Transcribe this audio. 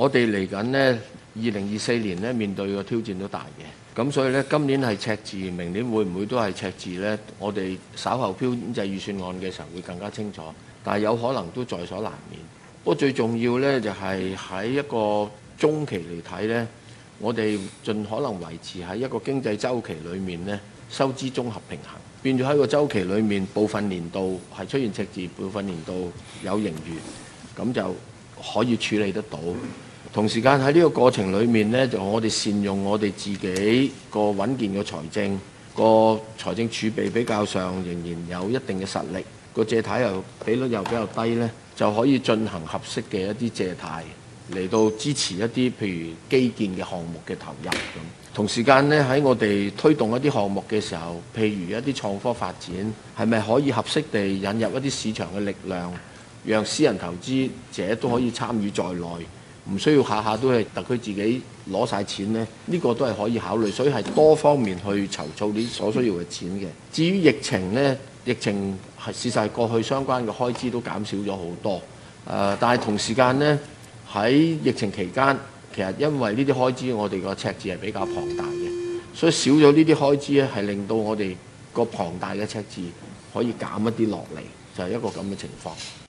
我哋嚟緊呢，二零二四年呢，面對嘅挑戰都大嘅，咁所以呢，今年係赤字，明年會唔會都係赤字呢？我哋稍後編經濟預算案嘅時候會更加清楚，但係有可能都在所難免。不過最重要呢，就係、是、喺一個中期嚟睇呢，我哋盡可能維持喺一個經濟周期裡面呢，收支綜合平衡，變咗喺個周期裡面，部分年度係出現赤字，部分年度有盈餘，咁就可以處理得到。同時間喺呢個過程裏面呢，就我哋善用我哋自己個穩健嘅財政，個財政儲備比較上仍然有一定嘅實力，個借貸又比率又比較低呢，就可以進行合適嘅一啲借貸，嚟到支持一啲譬如基建嘅項目嘅投入咁。同時間呢，喺我哋推動一啲項目嘅時候，譬如一啲創科發展，係咪可以合適地引入一啲市場嘅力量，讓私人投資者都可以參與在內？唔需要下下都係特區自己攞晒錢呢，呢個都係可以考慮，所以係多方面去籌措啲所需要嘅錢嘅。至於疫情呢，疫情係事實係過去相關嘅開支都減少咗好多。呃，但係同時間呢，喺疫情期間，其實因為呢啲開支我哋個赤字係比較龐大嘅，所以少咗呢啲開支咧係令到我哋個龐大嘅赤字可以減一啲落嚟，就係一個咁嘅情況。